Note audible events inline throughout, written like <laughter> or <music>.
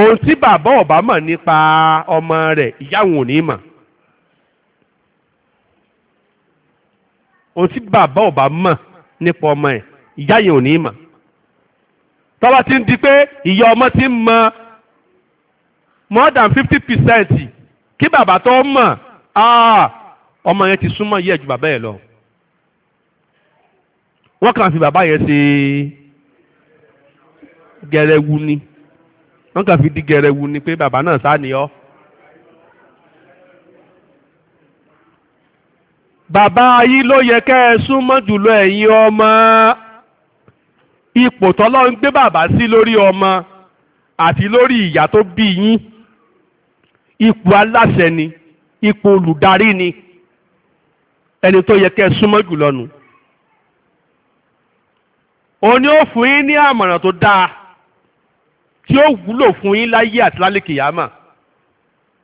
ohun tí bàbá ọ̀bá mọ̀ nípa ọmọ rẹ̀ ìyá òun ò ní mọ̀ ohun tí bàbá ọ̀bá mọ̀ nípa ọmọ ẹ̀ ìyá ní mọ̀ tọ́wọ́ ti ń di pé ìyá ọmọ ti ń mọ more than fifty percent kí bàbá tó mọ̀ ah, ọmọ yẹn ti súnmọ́ yẹ ju bàbá yẹn lọ wọ́n kàn fi bàbá yẹn ṣe gẹrẹwu ni. wọ́n kàn fi di wu ni pé bàbá náà sá ni ọ́. bàbá yín ló yẹ kẹ́ ẹ súnmọ́ jùlọ ẹ̀yin ọmọ ipò tọ́lọ́ ń gbé bàbá sí lórí ọmọ àti lórí ìyá tó bí yín ipò aláṣẹ ni ipò olùdarí ni ẹni tó yẹ kẹ́ ẹ súnmọ́ jùlọ nù. òní ó fún ní àmọ̀ràn tó dáa. tí ó wúlò fún yín láyé àti lálẹ́ kìyàmà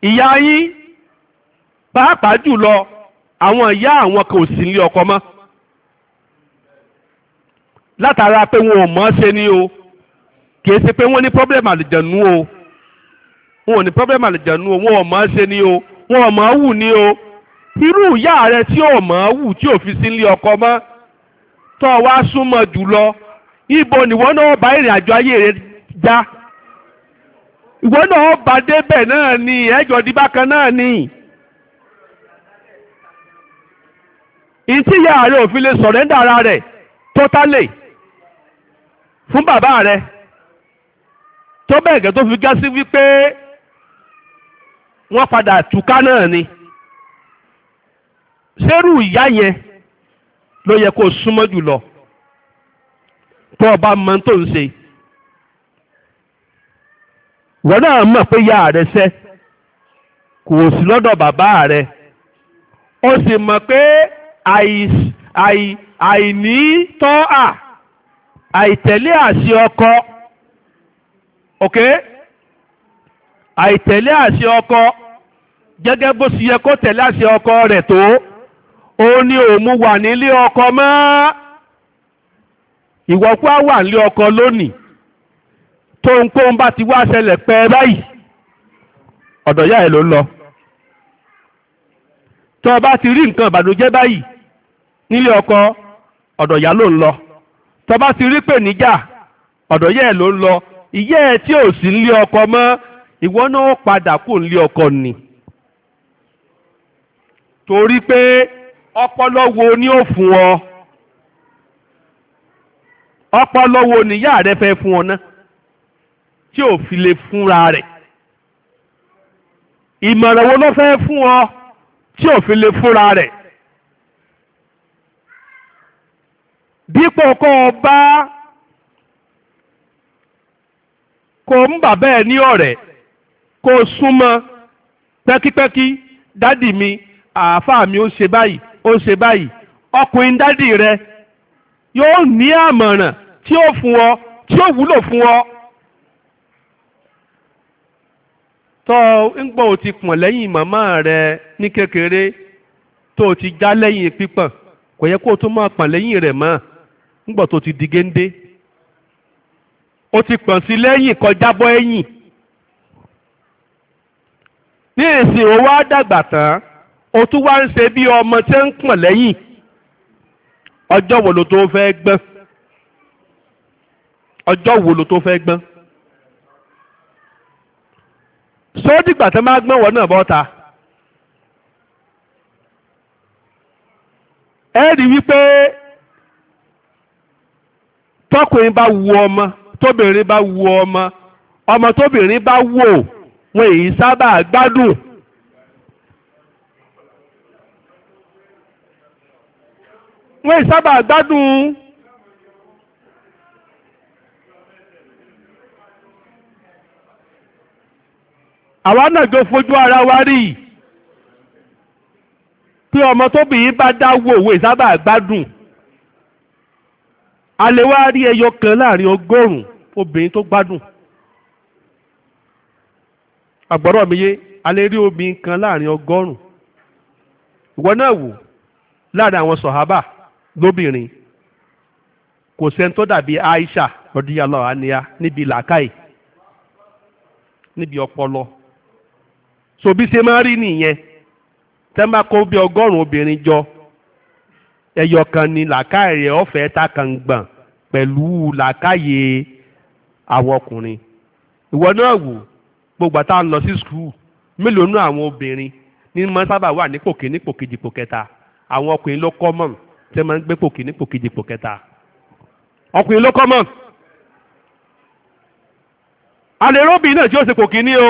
ìyá yín pàápàá jùlọ àwọn ìyá àwọn kò sí ní ọkọ mọ́ látara pé wọn ò mọ̀ ṣe ni o kì í ṣe pé wọ́n ní pọ́blẹ́mù àlìjẹ̀nu o wọn ò ní pọ́blẹ́mù àlìjẹ̀nu o wọn ò mọ̀ ṣe ni o wọn ò mọ̀ wù ni o irú ìyá rẹ tí ò mọ̀ wù tí ò fi sí ní ọkọ mọ́ tó wá súnmọ́ jùlọ ibo nìwọ náà bá ìrìn àjò ayé rẹ já ìwọ náà bá débẹ̀ náà ni ẹjọ́ di bákan náà ni. ìtí ìyá rẹ̀ ò fi lè sọ̀rẹ́ndà ara rẹ̀ tọ́tálẹ̀ fún bàbá rẹ̀ tó bẹ́ẹ̀ gẹ́ tó fi gá sí wípé wọ́n padà túká náà ni ṣerú ìyá yẹn ló yẹ kó súnmọ́ jùlọ tó o bá tó ń ṣe. wọ́n náà mọ̀ pé ya rẹ̀ sẹ́ kò sí lọ́dọ̀ bàbá rẹ̀ o sì mọ̀ pé àìní tọ́ à àìtẹ̀lé àṣẹ ọkọ ok àìtẹ̀lé àṣẹ ọkọ gẹ́gẹ́ bó ṣe yẹ kó tẹ̀lé àṣẹ ọkọ rẹ̀ tó ó ní òun wà nílé ọkọ mọ́ ìwọ́pá wà nílé ọkọ lónìí tóńkóń bá ti wá ṣẹlẹ̀ pẹ́ báyìí ọ̀dọ̀ ìyá ẹ̀ ló ń lọ tó bá ti rí nǹkan ìbànújẹ́ báyìí nílé ọkọ ọ̀dọ̀ ìyá ló ń lọ tó bá ti rí pèníjà ọ̀dọ̀ ìyá ẹ̀ ló ń lọ ìyá ẹ̀ tí ò sí nílé ọkọ mọ́ ìwọ náà padà kò nílé ọkọ ni torí pé ọpọlọ wo ni ó fún ọ ọpọlọ wo nìyá rẹ fẹ́ fún ọ náà. tí ò fi lè fúnra rẹ̀ ìmọ̀ràn wo ló fẹ́ fún ọ tí ò fi lè fúnra rẹ̀ dípò kọ́ ọ bá kò ń bàbá ẹ ní ọ̀rẹ́ kò súnmọ́ pẹ́kípẹ́kí dádì mi àáfàá mi ó ṣe báyìí ó ṣe báyìí ọkùnrin dádì rẹ yóò ní àmọ̀ràn tí ó fún ọ tí ó wúlò fún ọ. tó ń gbọ́ ò ti pọ̀n lẹ́yìn màmá rẹ ní kékeré tó ti já lẹ́yìn pípọ̀n kò yẹ kó o tún máa pọ̀n lẹ́yìn rẹ̀ mọ́ ńgbọ̀ tó ti di o ti pọ̀n sí lẹ́yìn kọjá ẹ̀yìn ní èsì o wá dàgbà o tún wá ń ṣe bí ọmọ tí ń pọ̀n lẹ́yìn ọjọ́ wo lo tó fẹ́ gbọ́n ọjọ́ wo sọ́dìgbà tó máa gbọ́n wọ́n náà ẹ rí wípé tọkùnrin bá wu ọmọ tóbìnrin bá wu ọmọ ọmọ tóbìnrin bá wò wọn èyí sábà gbádùn. èyí sábà gbádùn. àwa náà fojú ara wa rí i pé ọmọ tóbìnrin bá dá wo òwe sábà gbádùn a lè rí ẹyọ kan láàrin ọgọ́rùn-ún obìnrin tó gbádùn àgbọ̀rọ̀ mi yé rí obìnrin kan láàrin ọgọ́rùn-ún ìwọ náà wò láàrin àwọn sọ̀hábà lóbìnrin kò sẹ́ni tó dàbí Aisha ọdún yàrá àníyá níbi làákàyè níbi ọpọlọ Sobi bí ṣe máa rí nìyẹn tẹ́ bá kó bí ọgọ́rùn-ún obìnrin jọ ẹyọ kan ni làákàyè ọ̀fẹ́ ta kan gbọ̀n pẹ̀lú làákàyè àwọn ọkùnrin ìwọ náà wò gbogbo àtà lọ sí skul mélòó nú àwọn obìnrin ní máa sábà wà nípò kíní pò kejì pò kẹta àwọn ọkùnrin ló kọ́ mọ̀ tẹ́ máa ń gbé pò kíní pò kejì pò kẹta ọkùnrin ló kọ́ mọ̀ àlèrè obìnrin náà tí ó ṣe pò kíní o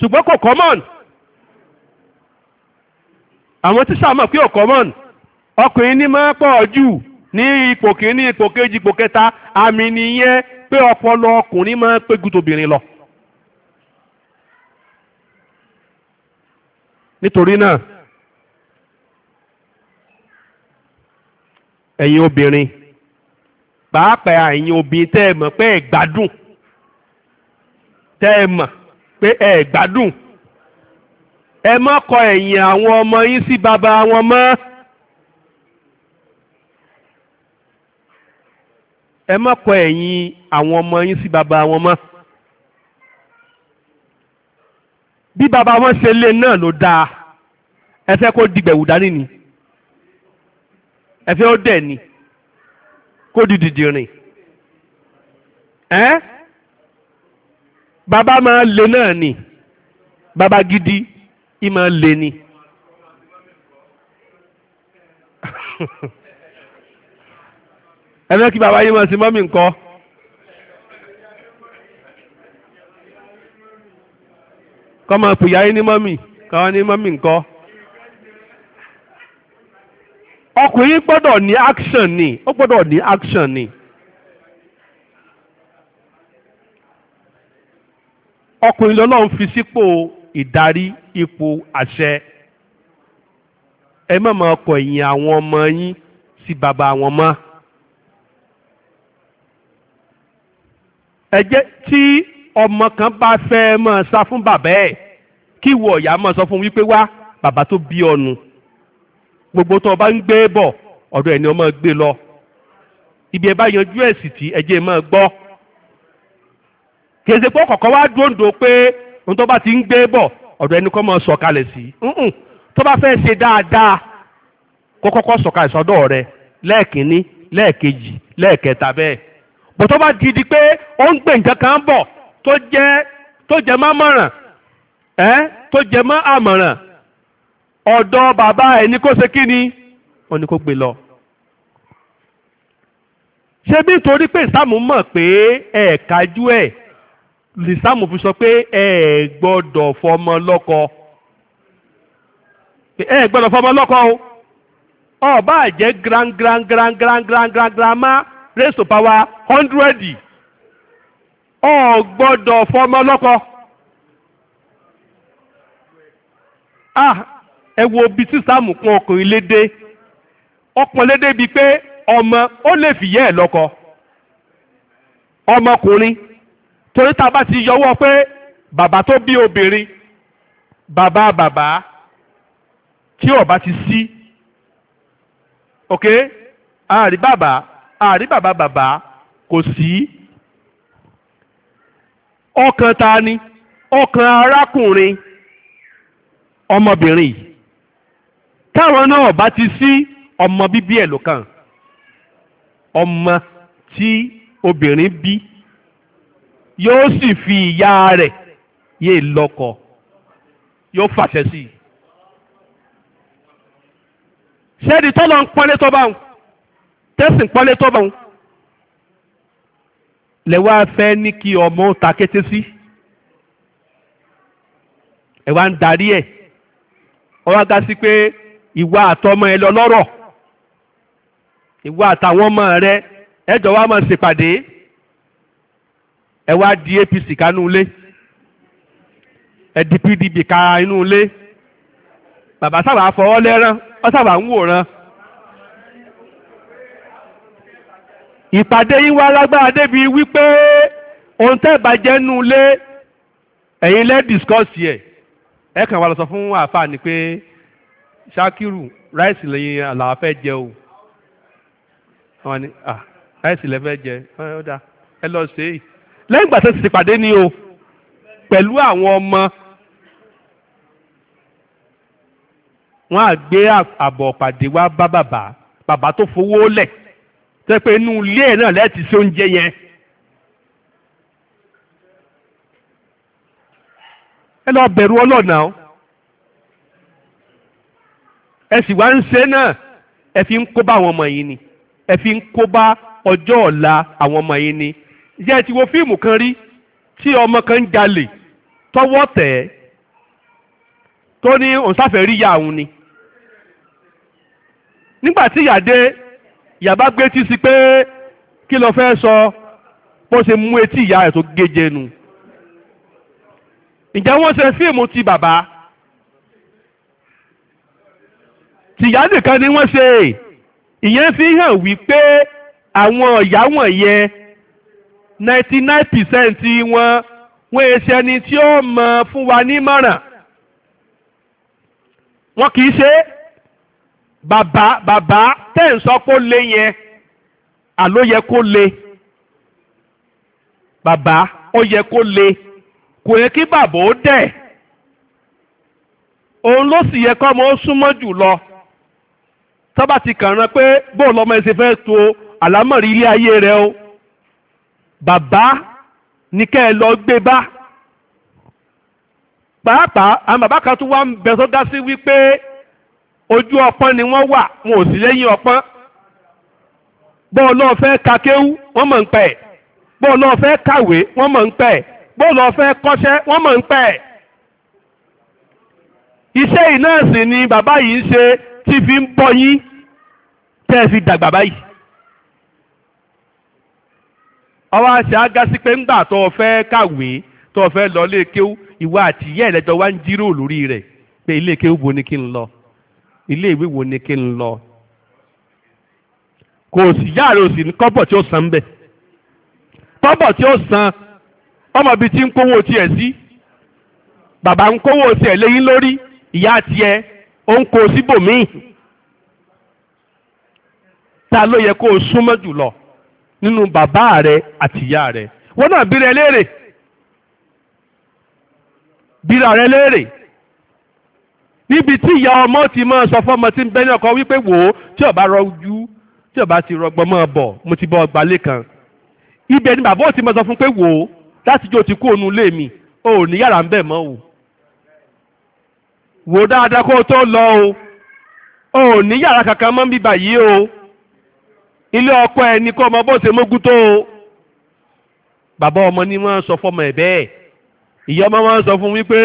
ṣùgbọ́n kò kọ́ mọ̀ àwọn tíṣà mọ̀ pé ọ̀kọ́ mọ̀n ọkùnrin ní máa pọ̀ jù ní ipò kìíní ipò kejì ipò kẹta àmì nìyẹn pé ọpọlọ ọkùnrin máa ń pégun tóbìnrin lọ. nítorí náà ẹ̀yin obìnrin pàápàá ẹ̀yin obìnrin tẹ́ ẹ mọ̀ pé ẹ gbádùn tẹ́ ẹ mọ̀ pé ẹ gbádùn ẹ má kọ ẹ̀yìn àwọn ọmọ yín sí bàbá wọn mọ́. ẹ má kọ ẹ̀yìn àwọn ọmọ yín sí bàbá wọn mọ́. bí bàbá wọn ṣe lé náà ló dáa ẹ fẹ́ kó dìgbẹ̀wù dání ni ẹ fẹ́ ó dẹ̀ ni kó di dìdìrìn ẹ́ bàbá máa lé náà ni bàbá gidi ìmọ̀ lè ni. <laughs> ẹ fẹ́ kí bàbá yín mọ̀ sí mọ́mì nǹkan. kọ́mọ pìyà yín ní mọ́mì káwọn ní mọ́mì nǹkan. ọkùnrin gbọ́dọ̀ ní action ni ó gbọ́dọ̀ ní action ni. ọkùnrin lọ́lọ́run fi sípò ìdarí ipò àṣẹ ẹ má máa kọ ẹ̀yìn àwọn ọmọ yín sí bàbá wọn mọ́. ẹ jẹ́ tí ọmọ kan bá fẹ́ máa sá fún bàbá ẹ̀ kí ìwọ ọ̀yà máa sọ fún wípé wá bàbá tó bí ọnu gbogbo tó o bá ń gbé bọ̀ ọ̀dọ̀ ẹ̀ ni o gbé lọ ibi ẹ bá yanjú ẹ̀ sì tí ẹ jẹ́ ẹ máa gbọ́ kèsè pé wá dúró ń do pé ohun tó bá ti ń gbé bọ̀ ọ̀dọ̀ ẹni kọ́ mọ́ sọ̀kalẹ̀ sí tó bá fẹ́ ṣe dáadáa kó kọ́kọ́ sọ̀kalẹ̀ sọ́dọ̀ rẹ lẹ́ẹ̀kínní lẹ́ẹ̀kejì lẹ́ẹ̀kẹta bẹ́ẹ̀ bó tó bá di di pé ó ń gbé nǹkan kan bọ̀ tó jẹ́ tó jẹ́ má mọ̀ràn ẹ́ tó jẹ́ má àmọ̀ràn ọ̀dọ̀ bàbá ẹ̀ ní kó ṣe kí ni wọ́n ní kó gbé lọ. ṣé bí nítorí pé ìsáàmù mọ̀ pé ẹ̀ẹ̀kájú ẹ̀ lìsáàmù fi sọ pé ẹ gbọ́dọ̀ fọmọ lọ́kọ ẹ gbọ́dọ̀ fọmọ lọ́kọ o ọba àjẹ́ grand grand grand grand grand grand grand ma raise to power hundred ọ gbọ́dọ̀ fọmọ lọ́kọ. ah ẹ wo ibi tí sáàmù pọn ọkùnrin lédè ọpọn lédè bíi pé ọmọ ó lè fìyẹ́ ẹ̀ lọ́kọ ọmọkùnrin torí tá a bá ti yọwọ́ pé bàbá tó bí obìnrin bàbá bàbá tí ó bá ti sí ok àrí bàbá àrí bàbá bàbá kò sí ọkàn ta ni ọkàn arákùnrin ọmọbìnrin táwọn náà bá ti sí ọmọ bíbí ẹ̀ ló ọmọ tí obìnrin bí yóò sì fi ìyá rẹ̀ yé lọ́kọ yóò fàṣẹ sí i. sẹ́ẹ̀dì tọ́lọ̀ ń pọ́nlé tó bá wọn tẹ́sì ń pọ́nlé tó bá wọn lẹ́wọ́ afẹ́ ní kí ọmọ ta kété sí ẹ wá ń darí ẹ̀ ọwọ́ aga sí pé ìwà àtọmọ ẹ lọ lọ́rọ̀ ìwà àtàwọn ọmọ rẹ ẹ jọ wá máa ṣèpàdé. ẹ wá di APC ká nú ẹ PDP ka inú bàbá sábà fọwọ́ lẹ́rán ọ sábà ń wòran. ìpàdé yín wá lágbára débi wípé ohun tẹ́ bàjẹ́ nú ilé ẹ̀yin lẹ́ yẹ ẹ kàn wá fún àfà ni pé Ṣakiru ráìsì lẹ́yìn àlàá fẹ́ jẹ o ráìsì jẹ ẹ lọ lẹ́yìn ìgbà tó ti pàdé ni o pẹ̀lú àwọn ọmọ wọn á gbé àbọ̀ pàdé wá bá bàbá bàbá tó fowó lẹ̀ tẹ́ pé inú ilé ẹ̀ náà lẹ́ẹ̀tì sí oúnjẹ yẹn. ẹ lọ bẹ̀rù ọlọ́ọ̀nà o ẹ sì wá ń ṣe náà ẹ fi ń kó bá àwọn ọmọ yìí ni ẹ fi ń kó bá ọjọ́ ọ̀la àwọn ọmọ yìí ni jẹ́ ti wo fíìmù kan rí tí ọmọ kan ń jalè tọwọ́ tẹ̀ ẹ́ tó ní òǹsàfẹ́ rí ìyá òun ni nígbà tí ìyá dé ìyá bá gbé tí sí pé kí ló fẹ́ sọ bó ṣe mú etí ìyá rẹ̀ tó géje nu ǹjẹ́ wọ́n ṣe fíìmù ti bàbá tìyá nìkan ni wọ́n ṣe ìyẹn fi hàn wípé àwọn ìyá wọ̀nyẹn ninety nine percent wọn wọ́n èsì ẹni tí ó mọ̀ fún wa nímọ̀ràn wọn kì í ṣe bàbá bàbá tẹ̀ ń sọ kó lé yẹn àló yẹ kó lé bàbá ó yẹ kó lé kò yẹ kí bàbá ó dẹ̀ òun ló sì yẹ kọ́ ọmọ ó súnmọ́ jù lọ tọ́ba ti kàn rán pé bóòlù ọmọ ẹ̀ ṣe fẹ́ to àlámọ̀rí ilé ayé rẹ o bàbá ní kẹ́ ẹ lọ gbé bá pàápàá àwọn bàbá kan tún wá ń bẹ tó dá sí wípé ojú ọpọ́n ni wọ́n wà wọn ò sí lẹ́yìn ọpọ́n bọ́ọ̀lù ọ̀fẹ́ kakéwú wọ́n mọ̀ ń pẹ́ bọ́ọ̀lù ọ̀fẹ́ kàwé wọ́n mọ̀ ń pẹ́ bọ́ọ̀lù ọ̀fẹ́ kọ́ṣẹ́ wọ́n mọ̀ ń pẹ́ iṣẹ́ yìí ni bàbá yìí ń ṣe tí fi ń bọ́ yín tẹ́ ẹ fi dàgbà báyìí. ọwọ́ àṣà agásí pé ńgbà tó o fẹ́ kàwé tó o fẹ́ lọ ilé kéwú ìwọ àti ìyá ẹ̀lẹ́jọ́ wá ń jíròrò lórí pé ilé kéwú wo ni kí n lọ ilé ìwé wo ni kí n lọ kò sí òsì ní kọ́bọ̀ tí ó san ń tí ó san ọmọ ti ń kówó tiẹ̀ sí bàbá ń kówó tiẹ̀ léyìn lórí ìyá tiẹ̀ ó ta ló yẹ kó o nínú bàbá rẹ àti ìyá rẹ wọn náà bí rẹ léèrè bíra rẹ léèrè níbi tí ìyá ọmọ ti máa sọ fọmọ tí ń bẹ ọkọ wípé wò ó tí ọba rọjú tí ọba ti rọgbọn mọ bọ mo ti bọ ọgbà lẹkan ibẹ̀ ni bàbá ò ti máa sọ fún pé wò ó láti jó ti kú ònú ilé mi o ò ní yàrá ń bẹ̀ mọ́ o wò ó dáadáa kó o tó lọ o ò ní yàrá kankan mọ́ bíbà yìí o ilé ọkọ ẹ ní kó ọmọ bó ṣe mógún tó o bàbá ọmọ ni wọ́n sọ fọmọ ẹ̀ bẹ́ẹ̀ ìyá ọmọ wọn sọ fún wípé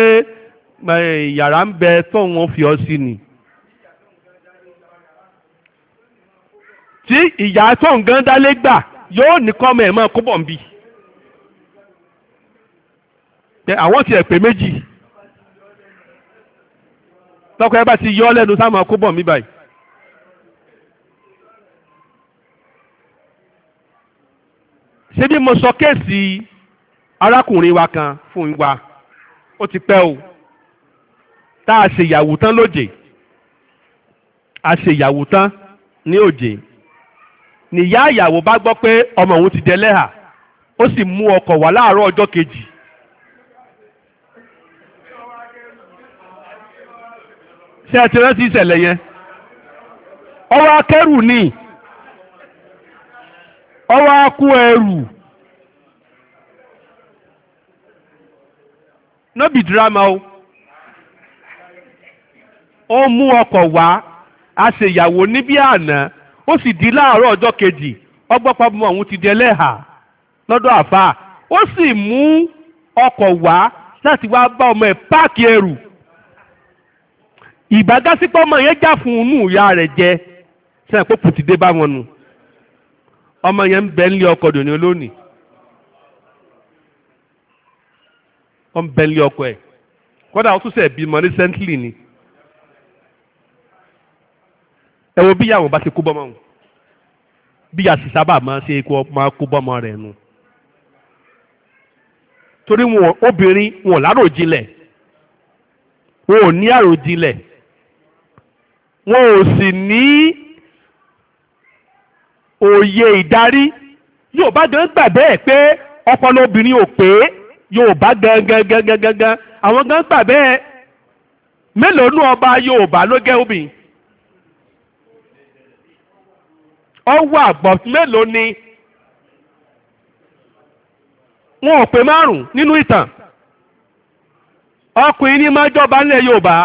yàrá ń bẹ tóun fi ọ sí ni. tí ìyá tóun gan dálé gbà yóò ní kọ́mọ ẹ̀ mọ́ kó bọ̀ ń bì. àwọn ti ẹ̀ pé méjì tọkọ ẹ bá ti yọ ọ lẹ́nu sáwọn kó bọ̀ ń báyìí. ṣebí mo sọ kéèsì arákùnrin wa kan fún wa ó ti pẹ́ o tá a ṣèyàwó tán lóje a ṣèyàwó tán ní òjè nìyá ìyàwó bá gbọ́ pé ọmọ òun ti dẹlẹ́hà ó sì mú ọkọ̀ wà láàárọ ọjọ́ kejì ṣé ẹ ti rántí ìṣẹ̀lẹ̀ yẹn ọwọ́ akẹ́rù ni. ọ wá eru no be drama o ó mú ọkọ̀ wá a yàwó níbí àná ó sì di láàárọ̀ ọjọ́ kejì ọgbọ́pọ̀ ọmọ ti di ẹlẹ́hà lọ́dọ̀ àfáà ó sì mú ọkọ̀ wá láti wá bá ọmọ ẹ̀ páàkì ẹrù ìbágásípọ̀ ọmọ yẹn já fún un nù rẹ̀ jẹ sẹ́yìn ọmọ yẹn ń bẹ ń lé ọkọ dòní lónìí ó ń bẹ ń lé ọkọ ẹ̀ kódà ó tún ṣe bímọ recently ni ẹ wo bíyàwó bá ti kú bọ́mọ wọn bíyà sì sábà máa ṣe kó máa kú bọ́mọ rẹ̀ nu torí wọn obìnrin wọn láròjinlẹ̀ wọn ò ní àròjinlẹ̀ wọn ò sì ní òye ìdarí Yorùbá gan gbà bẹ́ẹ̀ pé ọpọlọ obìnrin ò pé Yorùbá gan gan gan gan gan gan àwọn gan gbà bẹ́ẹ̀ mélòó nù ọba Yorùbá ló gẹ́ obìnrin ọwọ́ àgbọ̀ mélòó ni wọn ò pé márùn nínú ìtàn ọkùnrin ní máa jọba nílẹ̀ Yorùbá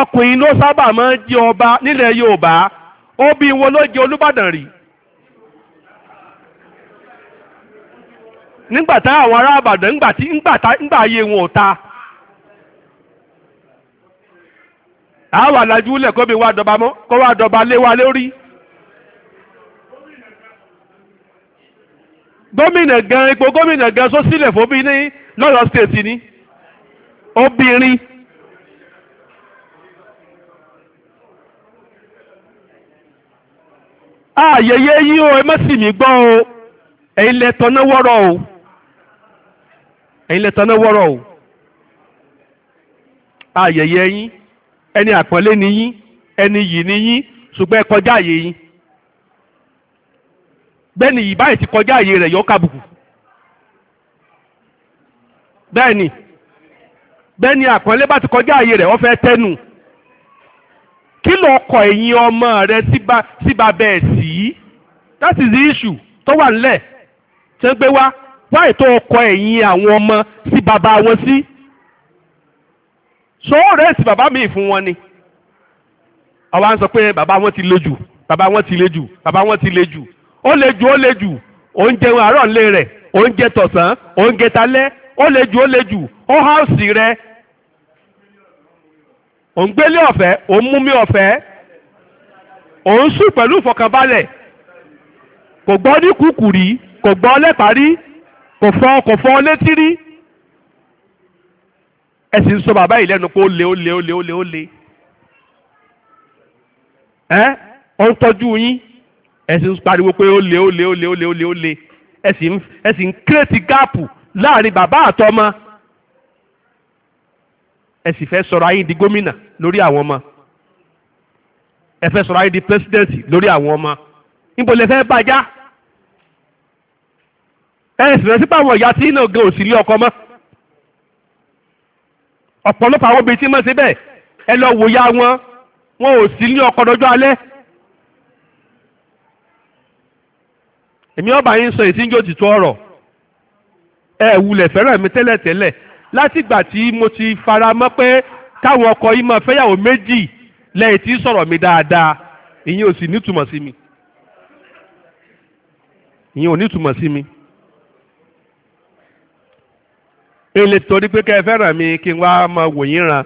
ọkùnrin ló sábà máa ń jẹ ọba nílẹ̀ Yorùbá obì wo ló jẹ Olúbàdàn rí nígbà tá àwọn ará àbàdàn ńgbà tí ńgbà tá ńgbà ayé wọn ò ta àwọn alájú lẹ̀ kó bí wá dọba mọ́ kó wá dọba lé wa lórí. gómìnà gan ipò gómìnà gan sósílẹ̀ fún bí ní lọ́yọ̀ stéètì ni obìnrin. Ah, ayẹyẹ yín o ẹ má sì mí gbọ́ o ẹ̀yin o ẹ̀yin o ah, yín ẹni àpọ́nlé ni yín ẹni yìí ni yín ṣùgbọ́n ẹ kọjá àyè yín bẹ́ẹ̀ni yìí báyìí ti kọjá àyè rẹ̀ yọ bẹ́ẹ̀ni bẹ́ẹ̀ni àpọ́nlé bá ti kí ló kọ ẹ̀yìn ọmọ rẹ sí bàbá sí that is the issue tó wà nílẹ̀ ṣe ń gbé wá wá ètò ọkọ ẹ̀yìn àwọn ọmọ sí bàbá wọn sí sọ́wọ́ rẹ̀ sí bàbá mi fún wọn ni àwa ń sọ pé bàbá wọn ti le jù bàbá wọn ti le jù bàbá wọn ti le jù ó le jù ó le jù oúnjẹ àárọ̀ ńlẹ̀ rẹ̀ oúnjẹ tọ̀sán oúnjẹ talẹ́ ó le jù ó le jù ó háùsì rẹ̀ ò ń gbélé ọ̀fẹ́ ò ń mú mi ọ̀fẹ́ ò ń sùn pẹ̀lú ìfọ̀kànbalẹ̀ kò gbọ́ ní kùkù rí kò gbọ́ lẹ́pàá rí kò fọ́ kò fọ́ létí rí ẹ sì ń sọ bàbá yìí lẹ́nu pé ó le ó le ó le ó le ó le ẹ ọ ń tọ́jú yín ẹ sì ń pariwo pé ó le ó le ó le ó le ó le ó le ẹ sì ń ẹ sì ń kírètì gáàpù láàrin bàbá àtọmọ ẹ sì fẹ́ sọ̀rọ̀ ayé di gómìnà lórí àwọn ọmọ ẹ fẹ́ sọ̀rọ̀ ayé di president lórí àwọn ọmọ níbo lẹ fẹ́ bàjá ẹ sì rẹ̀ sípò àwọn ìyá tí iná gan òsì lé ọkọ mọ́ ọ̀pọ̀lọpọ̀ àwọn obìnrin tí mọ̀ síbẹ̀ ẹ lọ wò ya wọn wọn ò sí ní ọkọ dọjọ́ alẹ́ èmi ọba yín sọ èsì ń jó tìtú ọ̀rọ̀ ẹ wulẹ̀ fẹ́ràn mi tẹ́lẹ̀tẹ́lẹ̀ látìgbà tí mo ti fara mọ́ pé káwọn ọkọ yìí máa fẹ́yàwó méjì lẹ́yìn tí sọ̀rọ̀ mi dáadáa ìyẹn ò sì nítumọ̀ sí mi ìyẹn ò nítumọ̀ sí mi. èlé torí pé kẹ́ ẹ fẹ́ràn mi kí n wá máa wò yín ran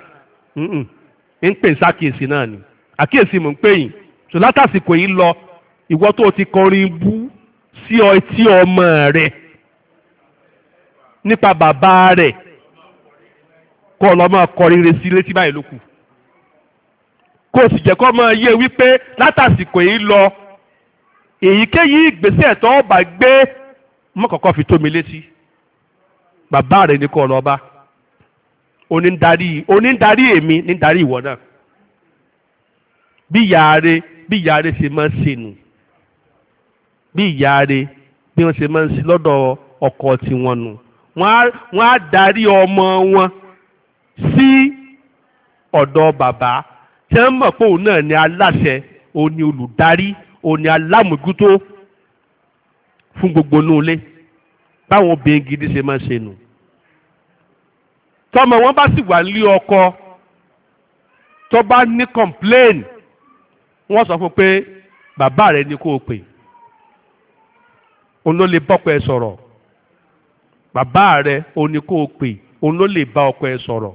ń pè sákìyèsí náà ni àkíyèsí mò ń pè yín tó látàsìkò yìí lọ ìwọ tó ti kọrin bú sí ọtí ọmọ rẹ nípa bàbá rẹ. kó o lọ máa kọ rere sí létí báyìí ló kù o sì jẹ́ kó o máa e wípé látàsìkò yìí lọ èyíkéyìí ìgbésẹ̀ tó o gbé mọ́ kọ́kọ́ fi tómi létí bàbá rẹ̀ ní kó o lọ bá onídarí onídarí èmi nídarí ìwọ náà bí ìyá bí ìyá ṣe máa ń ṣe nù bí ìyá bí wọ́n ṣe máa ń ṣe lọ́dọ̀ ọkọ tiwọn nù wọ́n á darí ọmọ wọn sí ọ̀dọ̀ bàbá tí wọ́n mọ̀ pé òun náà ni aláṣẹ òun ni olùdarí òun ni alámùgútó fún gbogbo inú ilé báwọn obìnrin gidi ṣe máa ṣe nù tọmọ wọn bá sì wà nílé ọkọ tó bá ní complain wọ́n sọ fún pé bàbá rẹ ni kó o pè òun ló lè bọ́kọ ẹ sọ̀rọ̀ bàbá rẹ òun ni kó o pè òun ló lè bá ọkọ ẹ sọ̀rọ̀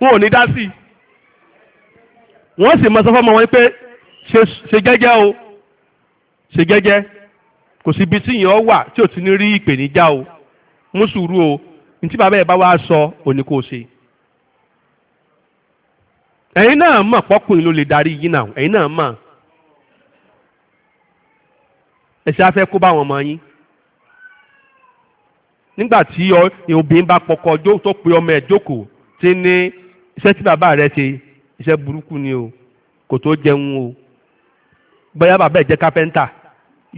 wọn ò ní dá sí i wọ́n sì wọn pé ṣe gẹ́gẹ́ o ṣe kò sí ibi tí ìyàn wà tí ò ti ní rí ìpèníjà o mú o ní tí bàbá bá wá sọ òní kò ṣe ẹ̀yin náà mọ̀ pọ́kùnrin ló lè darí yín náà ẹ̀yin náà mọ̀ ẹ̀sẹ̀ afẹ́ kó bá wọn yín nígbà tí obìnrin bá pọkọ tó iṣẹ́ tí bàbá rẹ ṣe iṣẹ́ burúkú ni o kò tó jẹun o bóyá bàbá ẹ̀ jẹ́ kápẹ́ńtà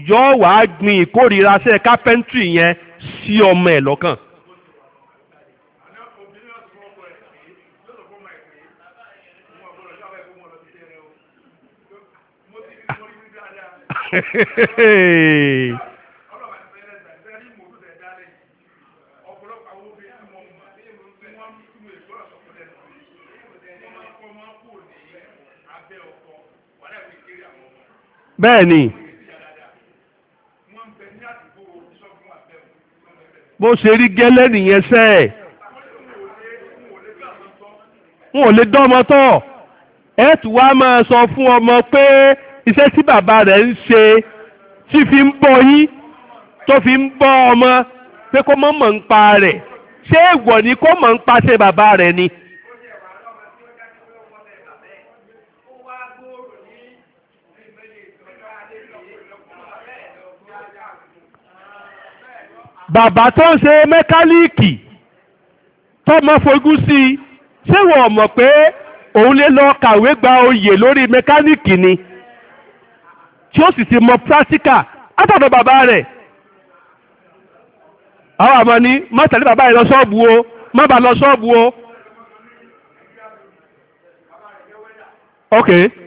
yóò wá gbin ìkórìíra ṣe kápẹ́ńtì yẹn sí ọmọ ẹ̀ lọ́kàn. Hey. <laughs> bẹ́ẹ̀ ni bó ṣe rí gẹ́lẹ́ nìyẹn sẹ́ ẹ̀ n ò lè dánmọ tọ́ ẹ tù wá máa sọ fún ọmọ pé iṣẹ́ tí bàbá rẹ̀ ń ṣe tí fi ń bọ́ yín tó fi ń bọ́ ọmọ pé kó mọ̀ mọ̀ ń pa rẹ̀ ṣé èèwọ̀ ni kó mọ̀ ń pa ṣe bàbá rẹ̀ ni. bàbá tó ń ṣe mẹ́kálíìkì tọ́mọ fojú sí i ṣé wọ́n mọ̀ pé òun lè lọ kàwé gba oyè lórí mẹ́kálíìkì ni tí ó sì ti mọ pírátíkà látọ̀dọ̀ bàbá rẹ̀ àwọn àmọ́ ni má tẹ̀lé bàbá rẹ̀ lọ ṣọ́ọ̀bù o má bà lọ ṣọ́ọ̀bù o. okay.